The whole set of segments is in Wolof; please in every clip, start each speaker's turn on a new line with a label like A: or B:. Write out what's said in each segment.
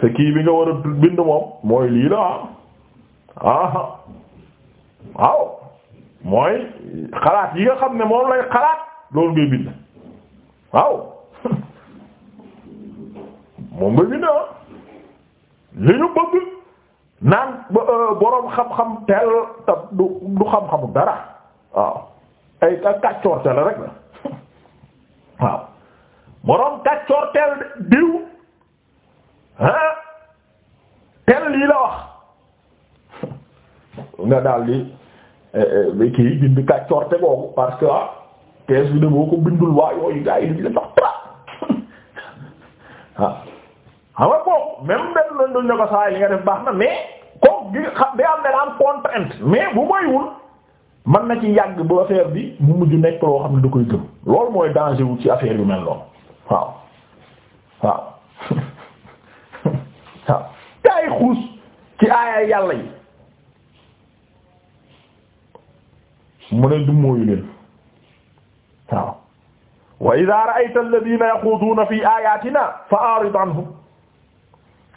A: sa kii bi nga war a bind moom mooy lii la ah waaw mooy xalaat yi nga xam ne moom lay xalaat loolu ngay bind waaw moom nga bind ah li ñu bëgg naan euh, boroom xam-xam teel te du du xam-xamu dara waaw ay kàccoor teel rek la waaw boroom kàccoor teel diw ah tel lii la wax nga daal di eh, eh, kii bind kàccorte boobu parce que ah thèse bi de boo ko bindul waa yooyu gars yi dañu la jox tra ah xam nga kooku même benn lañ doon ne ko saa yi li nga def baax na mais kooku gi xam day am ne am contrainte mais bu moywul mën na ci yàgg bu affaire bi mu mujj nekk loo xam ne da koy gëm loolu mooy danger wu ci affaire yu mel noonu waaw waaw. waaw kaay xuus ci aaya yàlla yi mu ne dummóoyu leen waaw wa idha ra'ayta alladhina yaxuuduuna fi ayatina fa a'rid anhum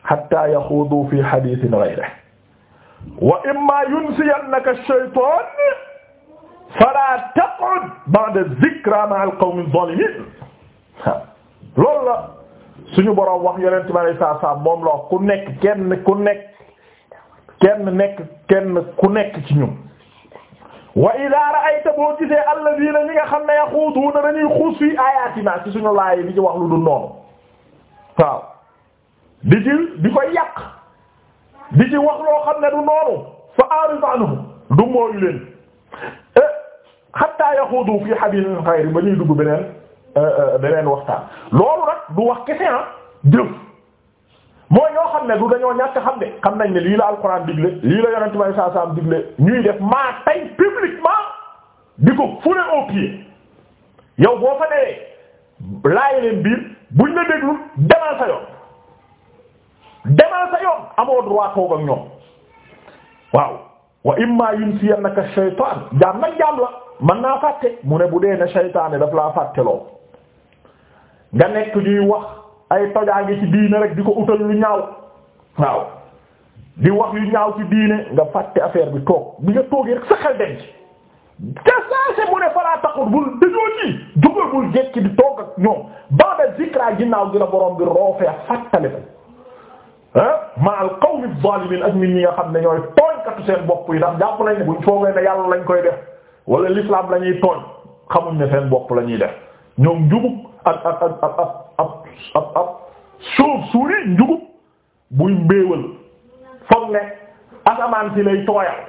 A: hatta yaxuudu fi hadithin ghayrihi wa imma yunsiyannaka ash-shaytan fala taq'ud ba'da dhikra ma'a al-qawmi adh-dhalimin loolu la suñu boroom wax yonent bi alayhi salaam moom la wax ku nekk kenn ku nekk kenn nekk kenn ku nekk ci ñun wa idaa ra'ayta boo gisee alladhiina ñi nga xam ne yaxuuduuna dañuy xuus fii ayaatina ci suñu laay di ci wax lu dul noonu waaw di ci di koy yàq di ci wax loo xam ne du noonu fa a'rid anhum du mooyu leen eh, hatta yaxuudu fii hadiisin ghayri ba ñuy dugg beneen da euh, leen euh, waxtaan loolu nag du wax kese ah jëf mooy ñoo xam ne du dañoo ñàkk xam ne xam nañ ne lii la alxuraan digle lii la yonent may saa saam digle ñuy def maa tay publiquement di ko foulé au pied yow boo fa newee laaj leen biir buñ la déglu demal sa yoon demal sa yoon amoo droit toog ak ñoom waaw wa imma yunsiyannaka shaytaan jaam nag jaam la man naa fàtte mu ne bu dee ne shaytaane daf laa fàtteloo nga nekk ñuy wax ay tojaange ci diine rek di ko utal lu ñaaw waaw di wax yu ñaaw ci diine nga fàtte affaire bi toog bi nga toogee rek sa xel dem ci te saase mu ne falaa taqut bul dañoo ci dugal bul jekki di toog ak ñoom baada zikra ginnaaw gi la borom bi roofee fàttale ko ah ma al qawmi zalimin ak nit ñi nga xam ne ñooy tooñkatu seen bopp yi ndax jàpp nañ ne buñ foogee ne yàlla lañ koy def wala l'islam la ñuy tooñ xamuñ ne seen bopp la def ñoom ab ab ab ab ab suuf suuri njugub buy mbéewal foog ne asamaan si lay tooyal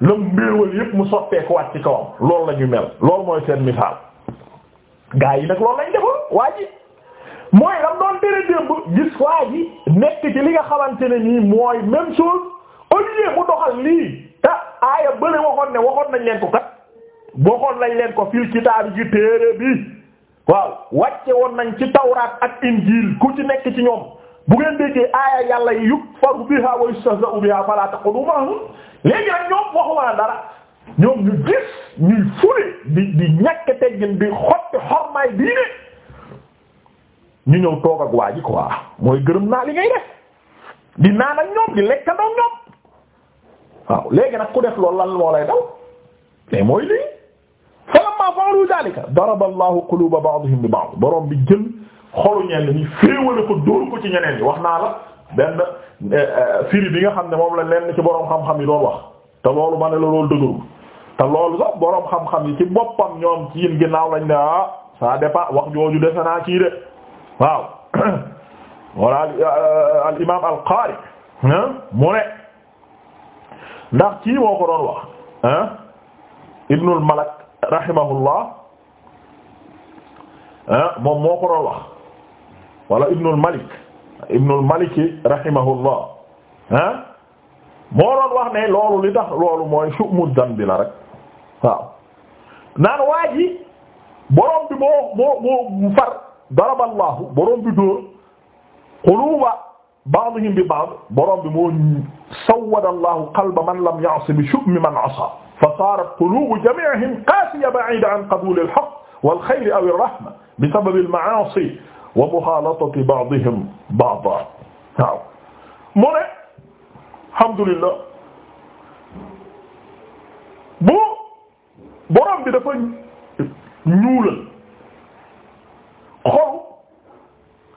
A: la mbéewal yépp mu sotteeku waat ci kawam loolu la mel loolu mooy seen misaal gaa yi nag loolu lañ defoon waa ji mooy lam doon tere démb gis waa ji nekk ci li nga xamante ne nii mooy même chose au lieu mu doxal lii te aaya bële waxoon ne waxoon nañ leen ko kat waxoon nañ leen ko fil kitaabi ci téere bi waaw wàcce woon nañ ci tawraat ak injiil ku ci nekk ci ñoom bu ngeen déggee aaya yàlla yi yukfaru biha wa yustahza'u biha fala taqulu ma'hum léegi nag ñoom waxuma dara ñoom ñu gis ñuy fule di di ñàkk teggin di xotti xormaay diine ñu ñëw toog ak waa ji quoi mooy gërëm naa li ngay di naan ak ñoom di lekk ak ñoom waaw léegi nag ku def loolu lan moo daw mais mooy lii. lamma fa'alu dhalika daraba Allahu quluba ba'dihim li ba'd borom bi jël xolu ñenn ñi féewale ko dóor ko ci ñeneen ñi wax naa la benn eh, eh, firi bi nga xam ne moom la lenn ci borom xam-xam yi doon wax te loolu ma ne la loolu dëgërul te loolu sax borom xam-xam yi ci boppam ñoom ci yéen ginnaaw lañ ne ah ça dépend wax jooju defe naa kii de waaw. voilà euh, al imaam al qaari mu ne ndax kii moo ko doon wax ah Ibnul Malak. rahimahullah ah, moom moo ko doon wax wala Ibnul Malik Ibnul Malik rahimahullah ah moo doon wax ne loolu li tax loolu mooy su'mu dambi la rek waaw naan waa ji borom bi moo moo moo far daraballahu borom bi dóor quluba ba'dihim bi ba'd borom bi moo sawwadallahu qalba man lam ya'si bi shu'mi man asa fa saarat quluubu jamiihim qaasiya ba'iida an qabuuli al-haqq wal-xayri aw ar-rahma bisababi al-ma'aasi wa muxaalatati ba'dihim ba'dan waaw mu ne alhamdulillah bu borom bi dafa ñuulal xol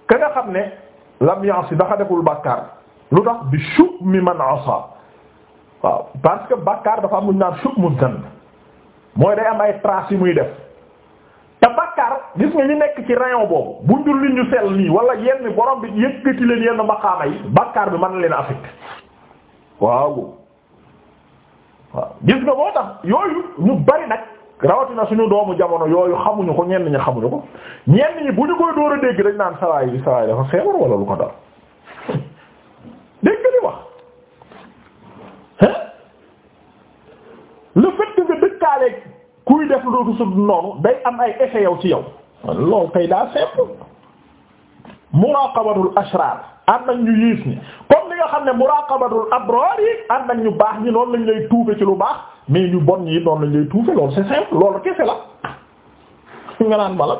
A: ka nga xam ne lam ya'si dafa deful bàkkaar lu tax bi shubmi man asaa waaw parce que bàkkaar dafa am lu ñu naan sukmun mooy day am ay traces yu muy def te bàkkaar gis nga ñu nekk ci rayon boobu bu njur li ñu sell nii wala yenn borom bi yëkkati leen yenn maqaama yi bàkkaar bi mën na leen affecté waaw waaw gis nga boo tax yooyu ñu bari nag rawatina suñu doomu jamono yooyu xamuñu ko ñenn ñi xamuñu ko ñenn ñi bu ñu koy door a dégg dañ naan sawaay bi sawaay dafa feebar wala lu ko dal dégg le fait que nga dëkkaaleeg kuy def lu sud noonu day am ay effet yow ci yow loolu kay daa simple muraqabatul ashrar ànd ak ñu yiis ni comme li nga xam ne muraqabatul abrar yi ànd ak ñu baax ñi noonu lañ lay tuufe ci lu baax mais ñu bon ñi noonu lañ lay tuufe loolu c'est simple loolu kese la nga naan bala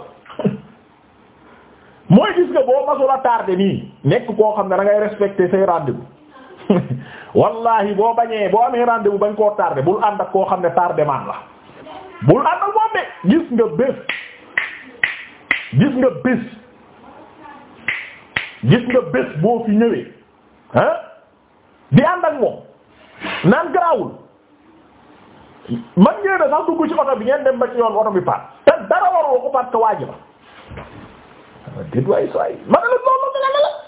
A: mooy gis nga boo masula tardé nii nekk koo xam ne da ngay say rendez-vous wallahi boo bañee boo amee rendez-vous bañ koo tardé bul ànd ak koo xam ne tardé man la bul ànd ak moom gis nga bés gis nga bés boo fi ñëwee ah di ànd ak moom naan garaawul man ngeen da sax dugg ci oto bi ngeen dem ba ci yoon oto bi paat te dara waroo ko parce que waa la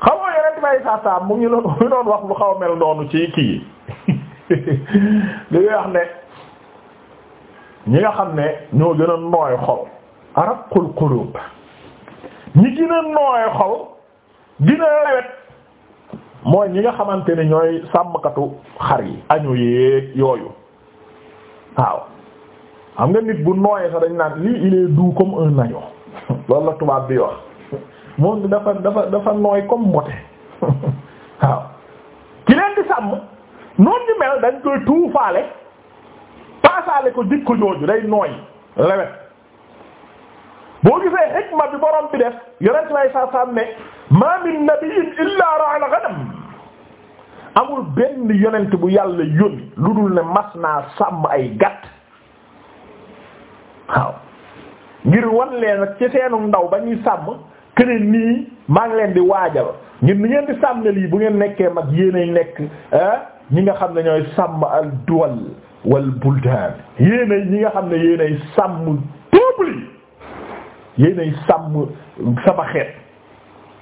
A: xamoo yeneen may saa saa mu ngi doon mu lu xaw a mel noonu ci kii li nga xam ne ñi nga xam ne ñoo gën a nooy xol araqul qulub ñi gën a nooy xol gën a mooy ñi nga xamante ne ñooy sàmmkatu xar yi añu yeeg yooyu waaw xam nga nit bu nooyee sax dañ naan lii il est comme un loolu la tubaab bi wax moom bi dafa dafa dafa nooy comme mbote waaw ki leen di sàmm noonu ñu mel dañ koy tuufaale paasaale ko dikk jooju day nooy lewet boo gisee xikma bi borom bi def yonent lay sa sàmm ne ma min nabiyyin illaa ra'al ghanam amul benn yonent bu yàlla yónni lu dul ne mas naa sàmm ay gàtt waaw ngir wan leen ci seenu ndaw ba ñuy sàmm kene nii maa ngi leen di waajal ngeen ni ngeen di sàmm lii bu ngeen nekkee mag ay nekk ah, ñi nga xam ne ñooy sàmm al duwal wal buldaan yéenay ñi nga xam ne yéenay sàmm peuples yi ay sàmm sama xeet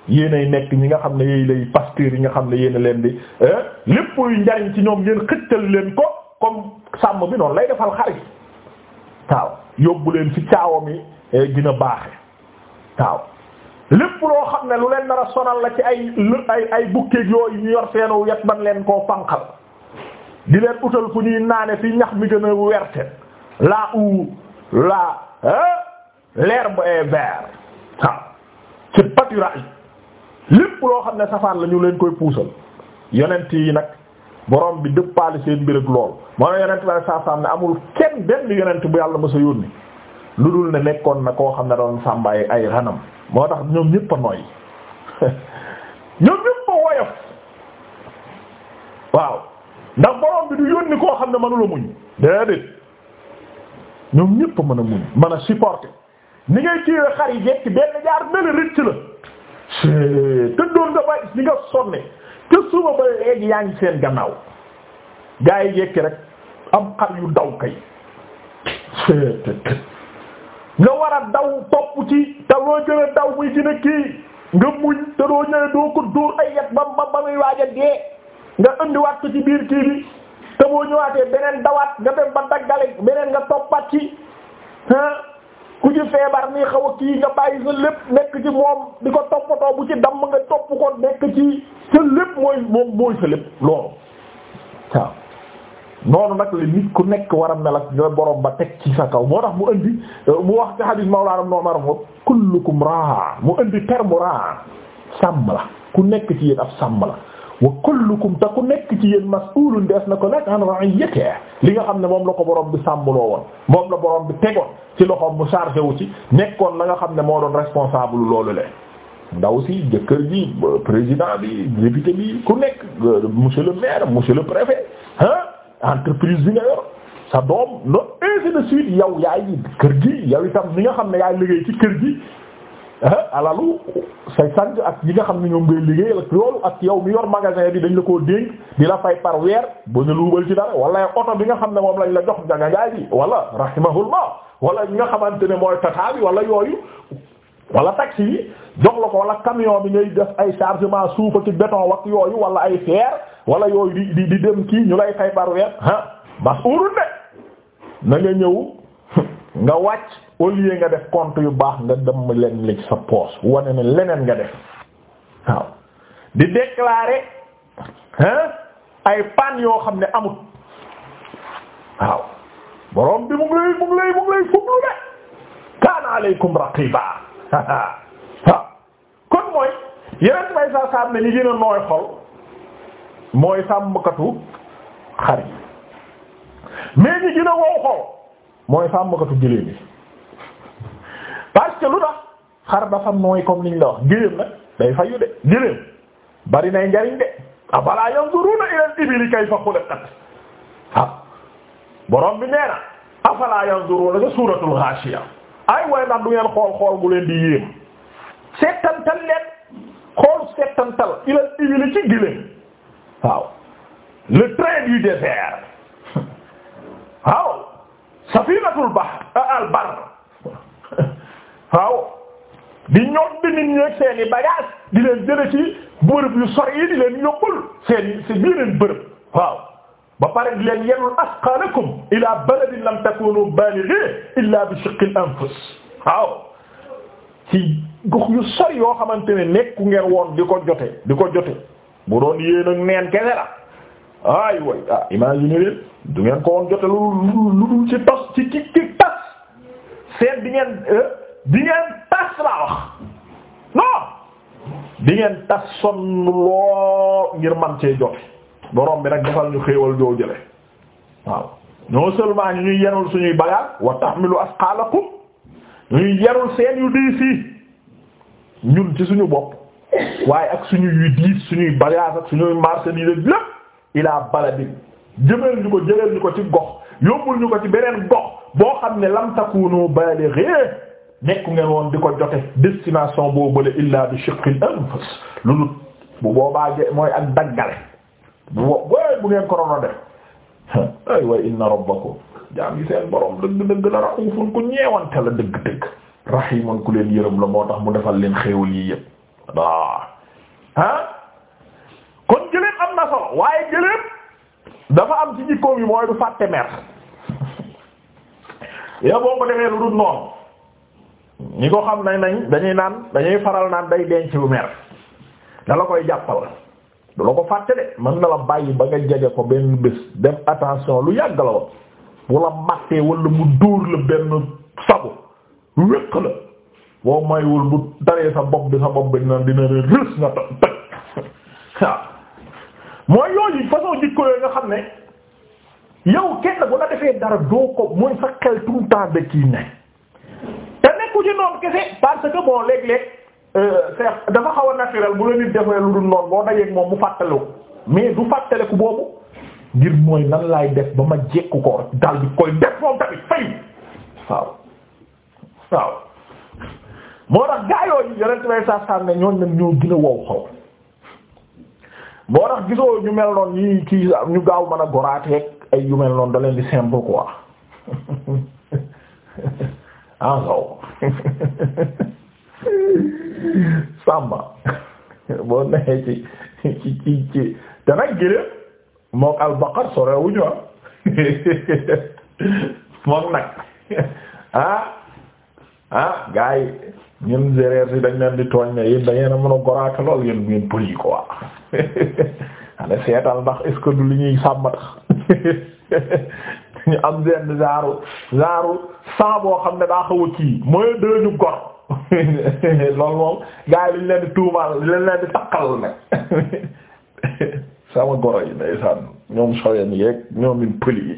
A: yéenay nekk ñi nga xam ne yéen lay pasteur yi nga xam ne yéen leen di ah, lépp luy njariñ ci ñoom ngeen xëccal leen ko comme sàmm bi noonu lay defal xar yi waaw yóbbu leen ci caawa mi eh, gin a baaxe taaw lépp loo xam ne lu leen nar sonal la ci ay ay ay bukkeeg yooyu ñu yor seenu yet ban leen koo fanqal di leen utal fu ñuy naane fii ñax mi gën a werte là où la leer bu verte waaw ci pâturage lépp loo xam ne safaan la ñu leen koy puusal yonent yi nag borom bi dëppaali seen mbir ak lool moo ne yonent la saa saam amul kenn benn yonent bu yàlla mësa yónni lu dul ne nekkoon na koo xam ne doon sàmba ay ay ranam moo tax ñoom ñëpp a nooy woyof waaw ndax borom bi du yónni koo xam ne mënula muñ déedéet ñoom ñëpp mën a muñ mën a supporter ni ngay téye xar yi jekki benn jaar mel rëcc doon nga bay ni nga sonne te ba léegi yaa ngi seen gannaaw gaa yi jekki rek am xar yu daw kay nga war a daw topp ci te loo gën daw muy gën a kii nga muñ te doo ñëwee doo ko dóor ay ba ba ba muy waaj a dee nga indiwaat ko ci biir kii bi te moo ñëwaatee beneen dawaat nga dem ba daggale beneen nga toppat ci ah ku ci feebar nii xaw a kii nga bàyyi sa lépp nekk ci moom di ko toppatoo bu ci damm nga topp ko nekk ci sa lépp mooy moom mooy sa lépp loolu noonu nag la nit ku nekk war a melak ak boroom ba teg ci sa kaw moo tax mu indi mu wax ci hadith Mawlana Umar moom kullukum raa mu indi terme raa sàmm la ku nekk ci yéen ab sàmm la wa kullukum te ku nekk ci yéen mas'ulun des na ko nag an ra'iyyatihi li nga xam ne moom la ko borom bi sàmmloo woon moom la borom bi tegoon ci loxoom mu chargé wu ci nekkoon la nga xam ne moo doon responsable loolu le ndaw si jëkkër ji président bi député ku nekk euh, monsieur le maire monsieur le préfet entreprise bi nga yor sa doom no ainsi de suite yow yaay kër gi yow itam ni nga xam ne yaay liggéey ci kër gi ah, alalu say sang ak yi nga xam ne ñoom ngay liggéey ak ak yow mi yor magasin bi dañ la ko dénk di la fay par weer ba ñu luubal ci dara wala oto bi nga xam ne moom lañ la jox jaga jaay bi wala rahimahullah wala ñi nga xamante ne mooy tata bi wala yooyu wala taxi yi jox la ko wala camion bi ngay def ay chargement suufa ci béton wak yooyu wala ay wala yooyu di di dem kii ñu lay fay par weer ah mas'ulun de nga ñëw nga wàcc au nga def compte yu baax nga dem leen li sa poche wane ne leneen nga def waaw di déclarer ay panne yoo xam ne amut waaw borom bi mu ngi lay mu ngi lay mu ngi lay kaana aleykum raqiba kon mooy yeneen may sa saam ne ñi gën a nooy xol mooy sàmmkatu xar yi mais ñi gën a mooy sàmmkatu gëléem yi parce lu tax xar dafa nooy comme niñ la wax gëléem nag day fayu de gëléem bari nay njariñ de abalaa ah yanzuruna ilal ibili kayfa xuliqat waaw ah borom bi nee na afalaa yanzuruna ca suuratul Ghaashiya ay way ndax du ngeen xool xool gu leen di yéem seetantal leen xool seetantal ilal ibili ci gëléem waaw le train du désert waaw safinatul bahr euh, al bar waaw di ñoom bi nit ñeeg seen i bagage di leen jële ci bërëb yu sori yi di leen yóbbul seen si biireen bërëb waaw ba pare di leen yenul asqalakum ila baladin lam takunu balighi illa bi shiqqil anfus waaw ci gox yu sori yoo xamante ne nekku ngeen woon di ko jote di ko jote bu doon yéen ak neen kese ay way ah imagine leen du ngeen ko woon jote lu lu dul ci tos ci ci tas seen di ngeen euh, di ngeen tas laa wax di ngeen tas sonn loo ngir man cee jote borom bi nag defal ñu xéewal joo jële waaw non seulement ñu ñuy yenul suñuy bagaar wa tahmilu asqalakum ñu ñuy yerul seen yu diis ñun ci suñu bopp waaye ak suñuy diis suñuy bagage ak suñuy marchandise ak lépp ilaa baladin jëmeel ñu ko jëleel ñu ko ci gox yóbbul ñu ko ci beneen gox boo xam ne lam takunu balighi nekku ngeen woon di ko jote destination boobule illaa bi shiqqil anfus loolu bu boobaa mooy ak daggale bu booy bu ngeen ko doon def ay wa inna rabbakum jaam yi seen borom dëgg dëgg la raufun ku ñeewante la dëgg dëgg rahimun ku leen yërëm la moo tax mu defal leen xéewal yi yépp waaw ah kon jëleem am na solo waaye jëleem dafa am ci jikkoom yi mooy du fàtte mer yow boo ko defee lu dul noonu ñi ko xam nañ nañ dañuy naan dañuy faral naan day denc lu mer da koy jàppal du la ko fàtte de mën na la bàyyi ba nga jege ko benn bés def attention lu yàgg la woon bu màttee wala mu dóor la benn sabu wéq la boo maywul bu daree sa bopp bi sa bopp bi dina dina rës nga toj toj mooy yooyu façon jikko nga xam ne yow kenn bu la defee dara doo ko mooy sa xel tout le temps ne te nekku ci noonu kese parce que bon léeg-léeg euh, dafa xaw a naturel bu la nit defee lu dul noonu boo dajeeg moom mu fàttaliku mais du fàttaliku boobu ngir mooy nan laay def ba ma jekku ko dal di koy def moom tamit fay waaw moo tax gaa yooyu yonent bay saa saa ne ñooñu ñoo gën wow xaw moo tax gisoo ñu mel noonu ñuy kii ñu gaaw mën a goraateeg ay yu mel noonu da leen di simple quoi ah sow sàmba ci ci ci te nag gëléem mook albaqar sorewuñu ah mook nag ah ah gaa yi ñun gérer si dañ leen di tooñ ne yéen da ngeen a mën a goraate lool yéen ngeen pël yi quoi xanaa seetal ndax est du li ñuy sàmm tax ñu am benn genre genre saa xam ne daa xaw a kii mooy deux gor loolu moom gars yi dañ leen di tuumaal dañ leen di takkal ne sama goro yi ndeysaan ñoom soween yeeg ñoom ñun pël yi.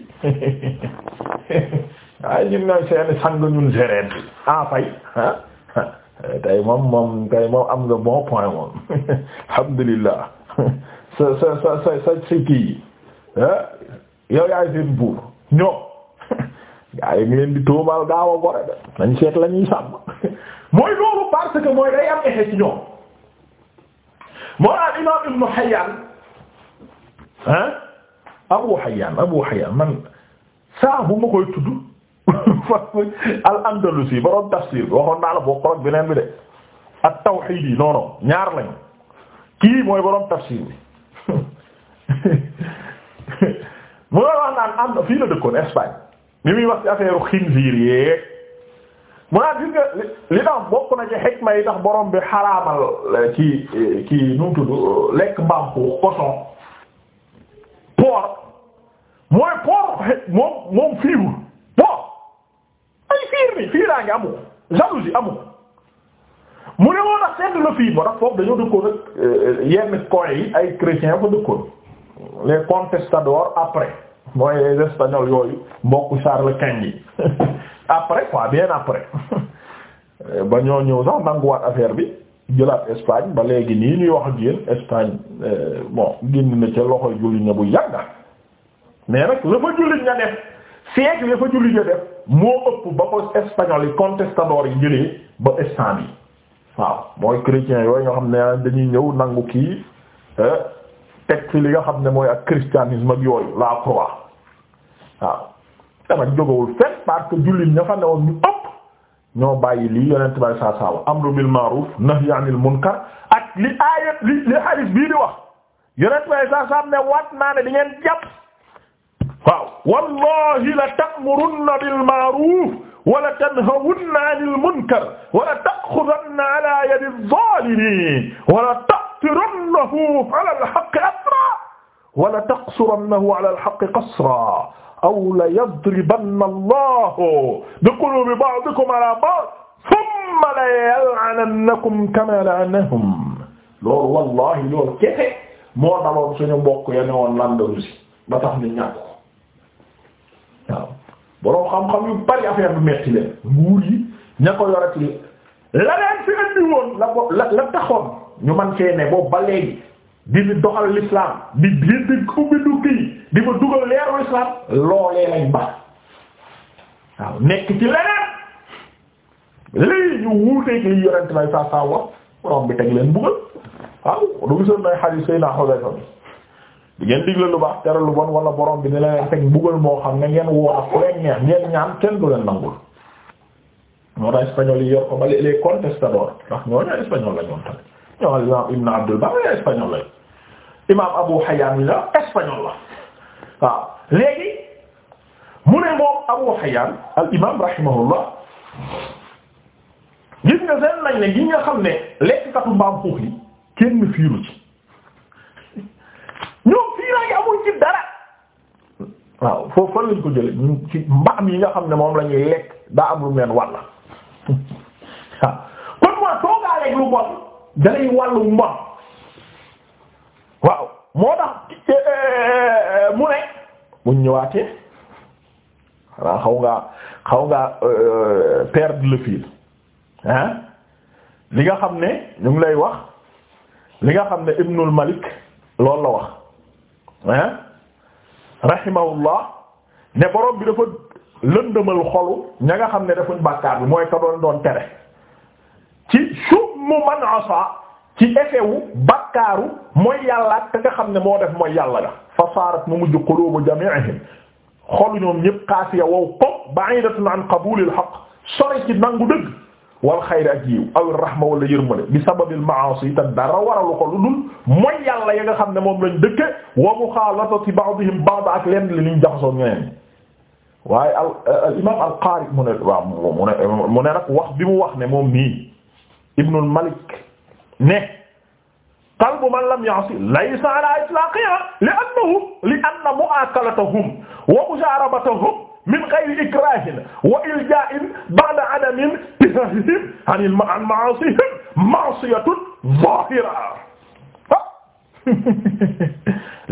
A: waaye ñun ñooy seeni sang ñun géréen bi en ah, fay ah, ah tey moom moom tey moom am nga bon point moom alhamdulillah sa sa sa sa sa kii yi ah, yow yaay seen buur ñoom gaa yi ngi leen di tuumal gaaw a gore de nañ seet la ñuy sàmm mooy loolu parce que mooy day am effet ci ñoom moo al imam ibnu Hayyan ah Abu Hayyan Abu Hayyan man saa bu ma koy al andalusi borom tafsir bi waxoon naa la boo xorog beneen bi de ak tawxiid yi non kii mooy borom tafsir bi mu doon wax naan am mu naan gis nga li tax bokk na ci xikma yi tax bi xaraamal eh, ci ci eh, nu tudd lekk mbaam cochon porc mooy porc moom moom fiir nii fiiraa amul jalousie amul mu ne woon a seetlu la fii moo tax foofu dañoo dëkkoon ak euh, yenn coin yi ay chrétiens fa dëkkoon les conquistadors après mooy les yooyu mbokk Charles Quint yi après quoi bien après ba ñoo ñëw sax nanguwaat affaire bi jëlaat Espagne ba léegi nii ñuy wax ak yéen Espagne euh, bon génn na ca loxoy jullit ña bu yàgg mais rek la fa jullit ña def siècle fa jullit ña def moo ëpp ba ko espagnol yi contestador yi jëlee ba instant bi waaw mooy chrétiens yooyu nga xam ne dañuy ñëw nangu kii eh, teg fi li nga xam ne mooy ak christianisme ak yooyu la croix waaw dama jógawul fenn parce que jullit ña ñu ëpp ñoo bàyyi lii yonent bay saa saawa amru bil ma'ruf nahyi anil ak li aayat li li hadith bii di wax yonent bay saa ne waat naa ne di jàpp wallahi la ta'murunna bil ma'ruf wa la tanhawunna 'anil munkar wa la ta'khudanna 'ala yadi adh-dhalimin wa la taqtirannahu 'ala al-haqqi asra wa la taqsurannahu 'ala al-haqqi qasra aw la yadribanna Allahu bi qulubi ba'dikum 'ala ba'd thumma la yal'anannakum kama la'anahum loolu wallahi loolu kese moo daloon suñu mbokk ya ne woon Andalusi ba tax ni ñàkk waaw boroom xam-xam yu bari affaire bi metti leen nguur yi ña ko yor ak li la leen fi indi woon la ko la la taxoon ñu man cee boobu ba léegi di doxal l'islam di di di ubbi dugg yi di ma dugal leeru islam loolee lañ baax waaw nekk ci leneen lii ñu wuuteeg li yorante may saa saa wax borom bi teg leen buggal waaw du gisoon nay xalis say naa xosay fa di ngeen digle lu baax tere lu bon wala borom bi dina leen teg mbugal moo xam ne ngeen woo ak ku leen neex ngeen ñaan kenn du leen nangul. moo tax espagnol yi yor ko ba les ndax ñooñu ay la ñoom tamit ñoo imaam Abdul Bar ay espagnol la waaw léegi mu ne moom Abu Hayyan al imaam gis nga seen lañ ne gi nga xam ne lekk katu mbaam xuux yi kenn fiiru ci. ñoom fii naa amul ci dara waaw foofu fan ko jële mbaam yi nga xam ne moom lañuy ñuy lekk daa am lu meen walla waaw kon mooy toogaa lekk lu mbon dalay wàllu mbon waaw moo tax eh, eh, mu ne buñ ñëwaatee xanaa xaw ngaa xaw ngaa euh, perdre le fil ah li nga xam ne ñu ngi lay wax li nga xam ne Ibnul Malik loolu la wax ah rahimahullah ne borom bi dafa lëndëmal xolu ña nga xam ne defuñ bàkkaar bi mooy ka doon doon tere ci summu man asa ci effet bàkkaaru mooy yàlla te nga xam ne moo def mooy yàlla ga fa saarat mu mujj qulubu jami'ihim xolu ñoom ñëpp xaasiya wow ko ba'idatun an qabulil haqq sori ci nangu dëgg wal xayri ak yiw aw rahma wala yërmande bi sababil maasi te dara waralu ko lu dul mooy yàlla ya nga xam ne moom lañ dëkke wa muxaalatati ba'dihim ba'd ak lenn li ñu jaxasoo ñeneen waaye al euh, al imaam al qaari mu ne waaw mu ne mu ne nag wax bi mu wax ne moom nii Ibnul Malik ne qalbu man lam ya'si laysa ala itlaqiha li annahu li anna mu'aakalatahum wa mujaarabatahum min ghayri ikrahin wa ilja'in ba'da adamin tisahihim an ma'asihim ma'siyatun zahira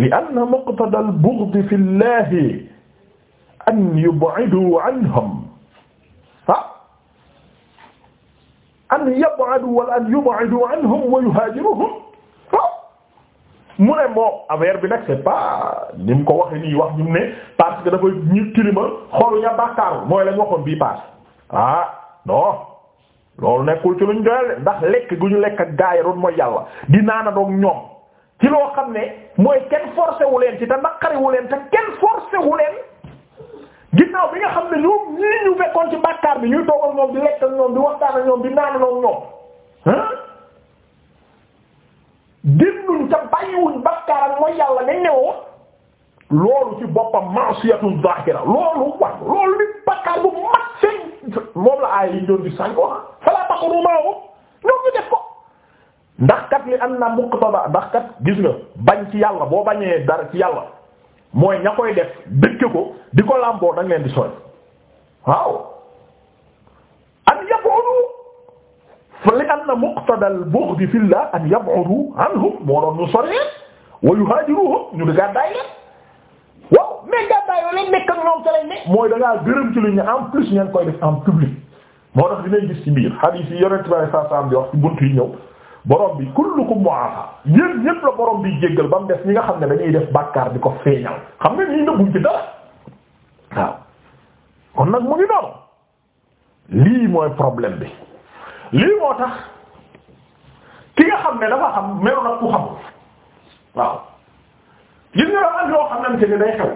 A: li anna muqtada al-bughd fi Allah an yub'idu anhum an yub'adu wala an yub'idu anhum wa yuhajiruhum mu ne moom affaire bi nag c'est pas ni mu ko waxee nii wax ñu ne parce que dafa ñu tilima xool ña bàkkaaru mooy lañ waxoon bii paas ah non. loolu nekkul ci luñ doyal ndax lekk gu ñu lekk ak gaaya doon mooy yàlla di naana doog ñoom ci loo xam ne mooy kenn forcé leen ci te naqari wu leen te kenn forcé leen ginnaaw bi nga xam ne ñoom ñii ñu fekkoon ci bàkkaar bi ñuy toogal ñoom di lekk ak ñoom di waxtaan ak ñoom di naana doog ñoom génnuñ ca bàyyiwuñ bakkaaram mooy yàlla nañ ne woon loolu ci boppam ma'siyatu zahira loolu wax loolu nit bakkaar bu mat seen moom la aay liñ doon di sànq wax fala taqru ma'ahu ñoom ñu def ko ndax kat li am na muqtada ndax kat gis nga bañ ci yàlla boo bañee dara ci yàlla mooy ña koy def dëkk ko di ko làmboo da leen di sooy waaw an yaqulu li anna muqtadal bughd fillah an yab'udu anhum moo doon ñu sori leen wa yuhaajiruhum ñu di gàddaay leen waaw mais gàddaay yoo leen nekk ak ñoom ca lañ ne mooy da ngaa gërëm ci lu ñu en plus ngeen koy def en public moo tax dinañ gis ci biir hadith yi yonent bi saa saa am di wax ci buntu borom bi kullukum mu'afa yéen ñépp la borom bi jéggal ba mu def ñi nga xam ne dañuy def bàkkaar bi ko feeñal xam nga nii nëbbuñ ci dara waaw kon nag mu ngi noonu lii mooy problème bi. lii moo tax ki nga xam ne dafa xam melu nag ku xamul waaw gis nga dafa am yoo xamante ne day xew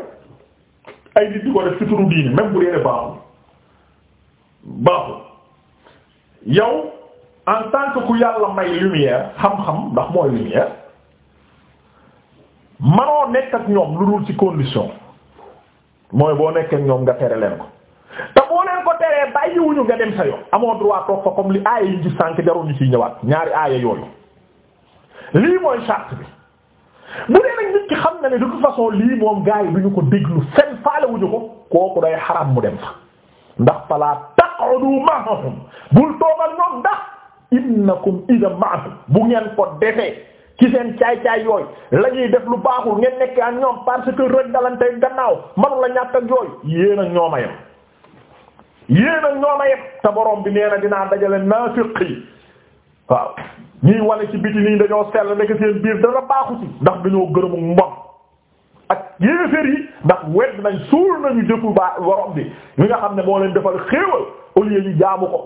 A: ay nit di ko def ci turu diini même bu dee ne baaxul baaxul yow en tant ku yàlla may lumière xam-xam ndax mooy lumière manoo nekk ñoom lu dul ci condition mooy boo nekk ak ñoom nga tere leen ko. teree bàyyiwuñu nga dem sa yoon amoo droit toog fa comme li aaya yi gis sànk jarul ñu ciy ñëwaat ñaari aaya yooyu lii mooy charte bi bu dee nag nit ki xam na ne de toute façon lii moom gars yi duñu ko déglu seen faalewuñu ko kooku day xaram mu dem fa ndax fala taq'udu ma'ahum bul toogal ñoom ndax innakum idha ma'ahum bu ngeen ko defee ci seen caay-caay yooyu la ñuy def lu baaxul ngeen nekk ak ñoom parce que rek dalante gannaaw manu la ñàkk ak yooyu yéen a ñooma yam yéen ak ñoo ma yem te borom bi nee na dinaa dajale naafiq yi waaw ñiy wane ci biti nii dañoo sell nekk seen biir dara baaxu ci ndax dañoo gërëmu mbon ak yéeféer yi ndax wedd nañ suul nañu jëfu ba borom bi li nga xam ne moo leen defal xéewal au ñu jaamu ko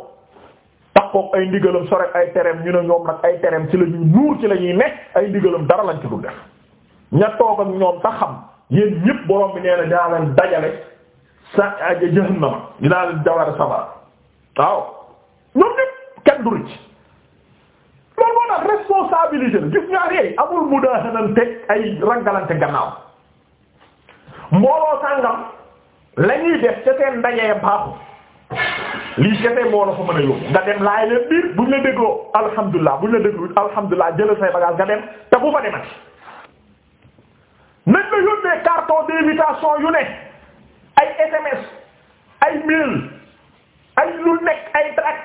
A: takkook ay ndigalam sore ay tereem ñu ne ñoom nag ay tereem ci la ñuy nuur ci la ñuy nekk ay ndigalam dara lañ ci du def ña ñoom ta xam yéen ñëpp borom bi nee na dinaa leen dajale sa jahannama dinaa leen jawar sabara waaw ñoom ñëpp kenn du ci loolu moo gis ñaar yey amul mudaahanante ay rangalante gannaaw mbooloo sàngam la ñuy def ca seen ndajee lii kese moo fa mën a yóbbu nga dem laay leen biir buñ la dégloo alhamdulilah buñ la déglu alhamdulilah jëlal say nga dem te fa demati nañ la yónnee carton d'invitation yu ne ay SMS ay mail ay lu nekk ay tract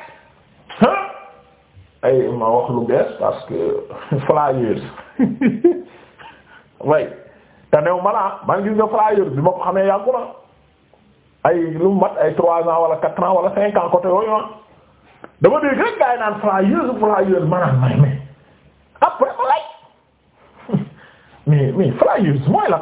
A: ay ma wax lu bees parce flyers way te new malaa man gis nga flyers bi ma ko xamee yàggu na ay lu ay trois wala quatre wala cinq ans côté yooyu ah dama flyers flyers maanaam may may après ma flyers mooy la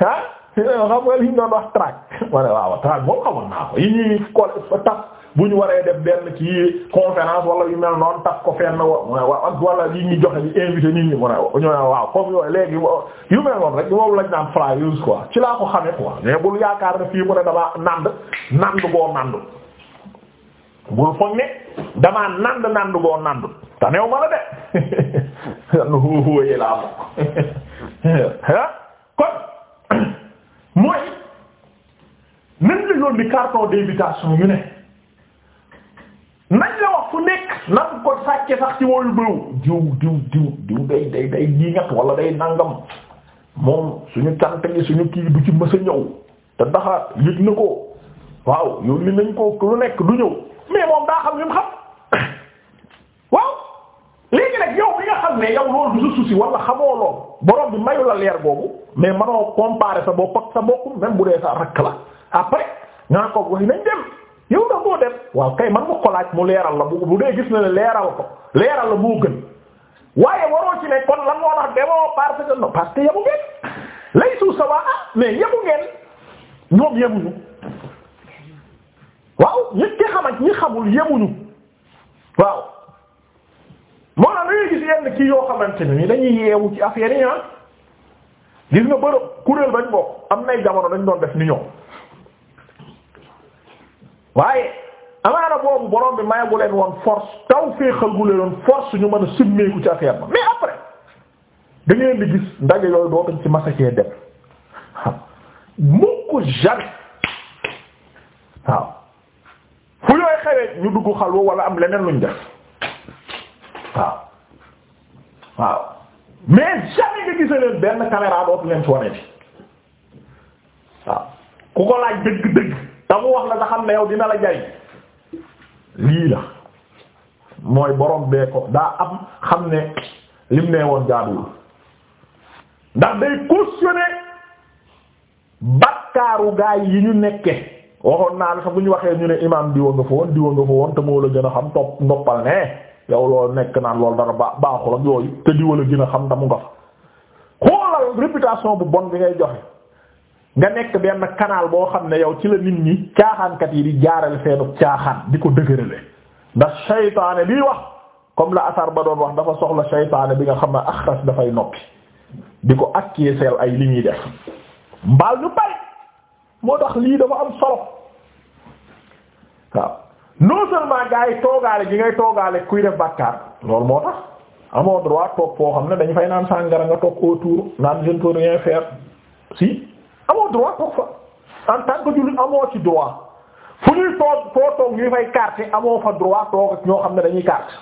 A: ah xam nga li ñu doon wax trac ma ne waaw trac moom xamoon naa ko yi ñuy ko taf bu ñu waree def benn ci conférence wala yu mel noonu taf ko fenn wa wala yi ñuy joxe ñu invité nit ñi mu ne ñu ne waaw comme yooyu léegi yu mel noonu rek moom lañ naan flyers quoi ci laa ko xamee quoi mais bul yaakaar ne fii mu ne damaa nand nand boo nandu bul foog ne damaa nand nand boo nandu te néew ma la de nu huuhu yee laa moom kon mooy nañ la yónni carton d'invitation yu ne nañ la wax fu nekk nan ko sàcce sax ci wooyu bëw diw diw diw diw day day day giiñat wala day nangam moom suñu cant gi suñu kii du ci mës a ñëw te daxa yëg na ko waaw yónni nañ ko lu nekk du ñëw mais moom daa xam li xam waaw léegi nag yow bi nga xam ne yow loolu du sa souci wala xamoo lool borom bi mayu la leer boobu mais manoo comparer sa bopp ak sa mbokk même bu dee sa rakk la après nga ko way nañ dem yow da boo dem waaw kay man nga ko laaj mu leeral la bu dee gis na ne leeral ko leeral la moo gën waaye waroo ne kon lan moo tax demoo parce que non parce que yabu ngeen lay suuf sa waa ah mais yabu ngeen ñoom yemuñu waaw ñi ki xam ak ñi xamul yemuñu waaw moo la ngay gis yenn kii yoo xamante ne ni dañuy yeewu ci affaire yi ah. gis nga bërëb ba bañ bokk am nay jamono dañ doon def ni ñoom waaye amaana boobu borom bi mayagu leen woon force taw féexal gu leen woon force ñu mën a simmeeku ci affaire ba mais après da yooyu dootuñ ci masakee dem mukk waaw fu yooy xewee ñu dugg xalwa wala am leneen luñ def waaw waaw mais jamais nga gise leen benn caméra leen ci waneeti waaw ku ko laaj dëgg-dëgg te wax la nga xam ne yow dina la jay lii la mooy borom bee ko daa am xam ne lim nee woon jaaduwul ndax day cautionné bakkaaru gaay yi ñu nekke waxoon naa la sax bu ñu waxee ñu ne imam diwa nga fa woon diwa nga fa woon te moo la a xam topp noppal ne yow loolu nekk naan loolu dara baa baaxul ak yooyu te di wala gën a xam damu nga fa xoolal réputation bu bon bi ngay joxe nga nekk benn canal boo xam ne yow ci la nit ñi caaxaankat yi di jaarale seenu caaxaan di ko dëgërale ndax saytaane bii wax comme la asar ba doon wax dafa soxla saytaane bi nga xam ne axras dafay noppi di ko akkieseel ay li ñuy def mbaal ñu bari moo tax lii dafa am solo waaw non seulement gars toogaale gi ngay toogaale kuy def bàkkaar loolu moo tax amoo droit toog foo xam ne dañu fay naan sàngara nga toog autour naan je ne peux rien si amoo droit toog fa en tant que jullit amoo ci droit fu ñuy toog foo toog ñuy fay carte amoo fa droit toog ak ñoo xam ne dañuy carte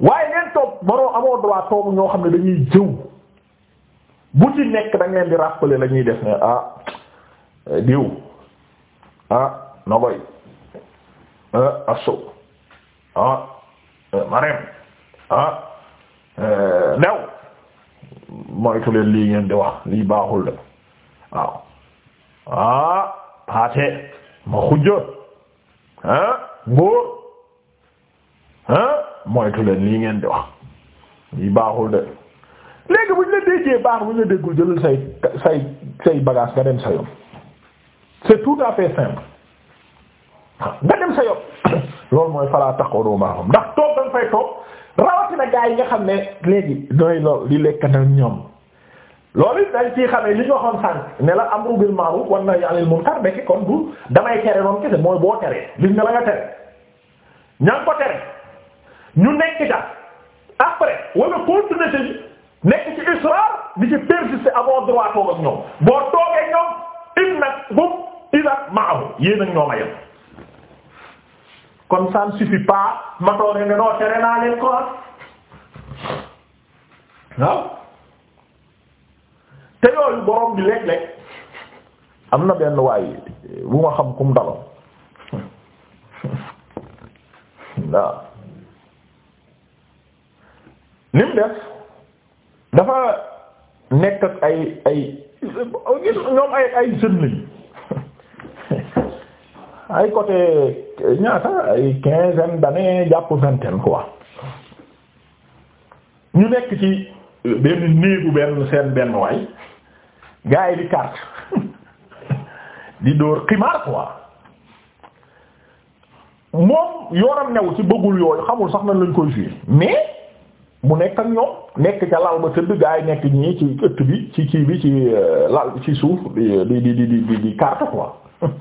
A: waaye leen toog maroo amoo droit toog ñoo xam ne dañuy jëw bu ci nekk da ngeen di rappeler la ñuy def ne ah diw ah Eh, asow ah eh, mareem ah new eh, moytu leen lii ngeen di wax lii baaxul de waaw ah paate ma xujja ah ngóor ah moytu leen lii ngeen di wax lii baaxul de léegi buñ la déggee baax buñ la déggul jëlal say say say bagage nga dem sa yoon c'est tout à fait simple nga dem sa yoon loolu mooy falaa taqodo maahum ndax toog danga fay toog rawatina gaa yi nga xam ne léegi doy lool di lekkandal ñoom loolu li ñu waxoon sànq ne la amru bil ma'ruf wan nahyi 'anil munkar nekk kon du damay tere mooy boo teree gis nga la nga tere ña ko tere ñu nag ñoom a yem kon ça ne suffit pas ma toogee nga noo tere naa leen ko waaw te yooyu borom bi léeg-léeg am na benn waay bu ma xam kum daloon waaw li mu def dafa nekk ak ay ay ñoom ay ay jeunes lañu ay côté ñaata ay quinzaine d'années jàpp vingtaine quoi ñu nekk ci benn néegu benn seen benn waay gars yi di carte di dóor ximaar quoi moom yoonam new ci bëggul yooyu xamul sax nan lañ koy jouer mais mu nekk ak ñoom nekk ca lal ba tëdd gars nekk ñii ci ëtt bi ci kii bi ci euh, lal ci suuf di di di di di carte quoi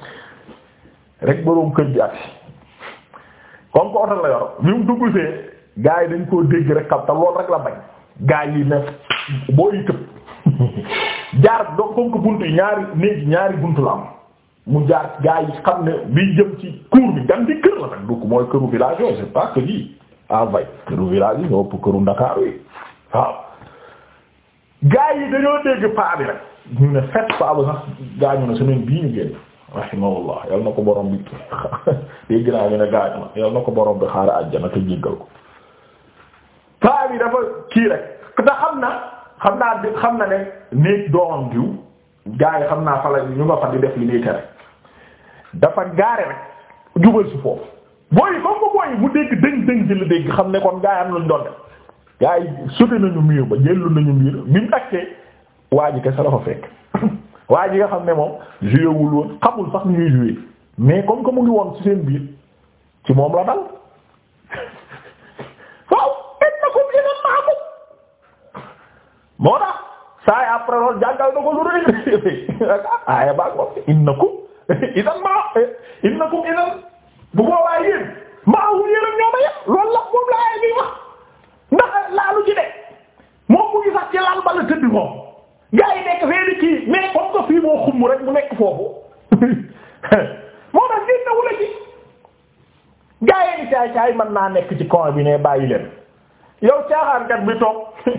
A: rek boroom kër gi agsi comme que oto la yor bi mu see gaa yi dañ koo dégg rek xam te loolu rek la bañ gaa yi ne boo yi jaar donc comme que bunt yi ñaari néeg ñaari bunt la am mu jaar gaa yi xam ne biy jëm ci cour bi gan di kër la nag donc mooy këru village yooyu c'est pas que lii ah, këru village yi ñoo ëpp këru Ndakaaru yi gaa yi dañoo dégg paa rek ñu ne fet paa ba sax gaañu na semaine bii ñu génn rahimahullah yal na ko boroom bi dégg naa ñu ne gaañ ma yal na ko borom bi xaar àjjana te jéggal ko paa bi dafa kii rek te xam na xam naa xam na ne néeg doomam diw gaa xam naa fa la ñu nga fa di def li ñuy tere dafa gaare rek jubal si foofu booy yi mu dégg dëng dëng jël dégg xam ne kon gaa yi am luñ doon def gaa yi sotti nañu miir ba jëllu nañu miir bi mu takkee waa ji kese la fa fekk waa ji nga xam ne moom joué wul woon xamul sax ni ñuy joué mais comme que mu ngi woon ci seen biir ci moom la dal waaw innakum idan ma'akum moo tax saa yi après loolu jàngal na ko lu rëy aaya baag moom innakum idan ma innakum idan bu boobaa yéen ma'akum yéen ak ñoom a yéen loolu la moom la aaya bi wax ndax laalu ci de moom mu ngi sax ci laal bala tëdd moom. gaa nekk fee di kii mais comme que fii moo rek mu nekk foofu moo tax génn wu la ci gaa caay caay mën naa nekk ci coin bi ne bàyyi leen yow caaxaankat bi toog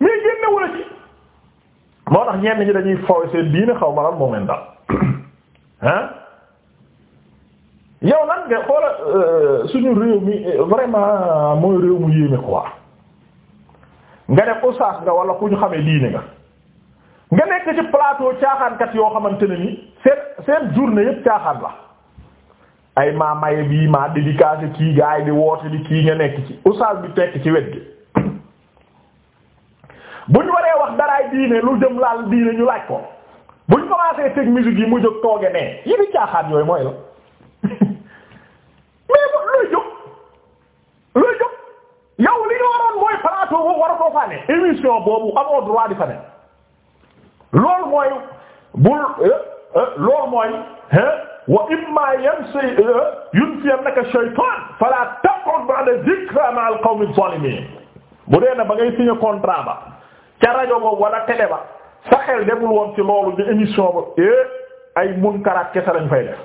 A: mais génn wu la ci moo tax ñenn ñi dañuy fooy seen diine xaw ma lan moo mel daal ah yow lan nga xoola euh, suñu réew mi euh, vraiment mooy réew mu yéeme quoi. nga def ustaas nga wala ku ñu xamee diine nga nga nekk ci plateau caaxaankat yoo xamante ne ni jur seen journée yëpp caaxaan la ay maa maye bii maa dédicacé kii gaay di woote di kii nga nekk ci ustaas bi te ci wet gi buñ waree wax daraay diine lu jëm laal diine ñu laaj ko buñ commencé teg musique yi mu jóg tooge nee yi bi caaxaan yooyu mooy la mais looy jóg looy jóg yow li ñu plateau war a koo faa ne émission boobu amoo droit di fa ne loolu mooy bul eh, eh, loolu mooy eh, wa imma yansi yunsiyannaka shaytan fala taq'ud ba'da dhikra ma'a al-qawmi adh-dhalimin bu dee na ba ngay signé contrat ba ca rajo boobu wala télé ba sa xel demul woon ci loolu ñu émission ba ay munkaraat kese lañ fay def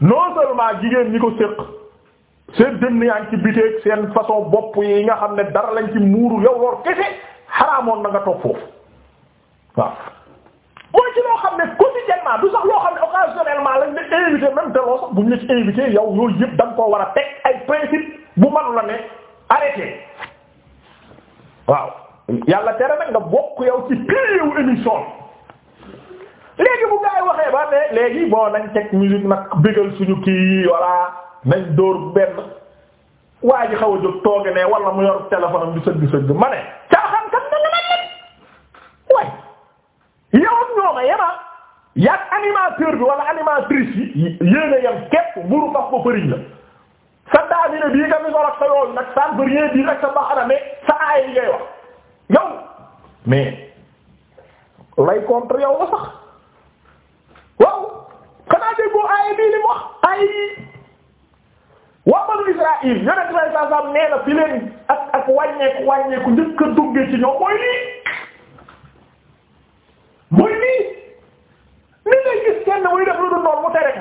A: non seulement jigéen ñi ko séq seen dënn yaa ngi ci biteeg seen façon bopp yi nga xam ne dara lañ ci muuru yow lool kese xaraamoon na nga toog waaw mooy ci loo xam ne quotidiennement du sax loo xam ne occasionnellement lañ la invité même te loo sax buñ la ci invité yow yooyu yëpp da nga koo war a teg ay principe bu manu la ne arrêté waaw yàlla tere nag nga bokk yow ci pilier émission léegi bu ngay waxee ba ne léegi bon nañ teg musique nag bégal suñu kii yi nañ dóor benn waa ji xaw a jóg tooge ne wala mu yor téléphone am di sëgg sëgg ma ne caaxaan kat na way yow ñoo ma yema yaag animateur bi wala animatrice yi yéena yem képp buru bax ba fëriñ la sa daa bii nga mi solak sa yooyu nag san bërie bii rek sa baxana sa aaya yi ngay wax yow lay contre yow la sax waaw xanaa déggoo aaya bii li mu wax aaya waa banu Israël yonent bi sallallahu alayhi wasallam nee na fi leen ak ak wàññeeku wàññeeku njëkk a duggee ci ñoom mooy lii mooy lii ni ngay gis kenn lu dul noonu mu tere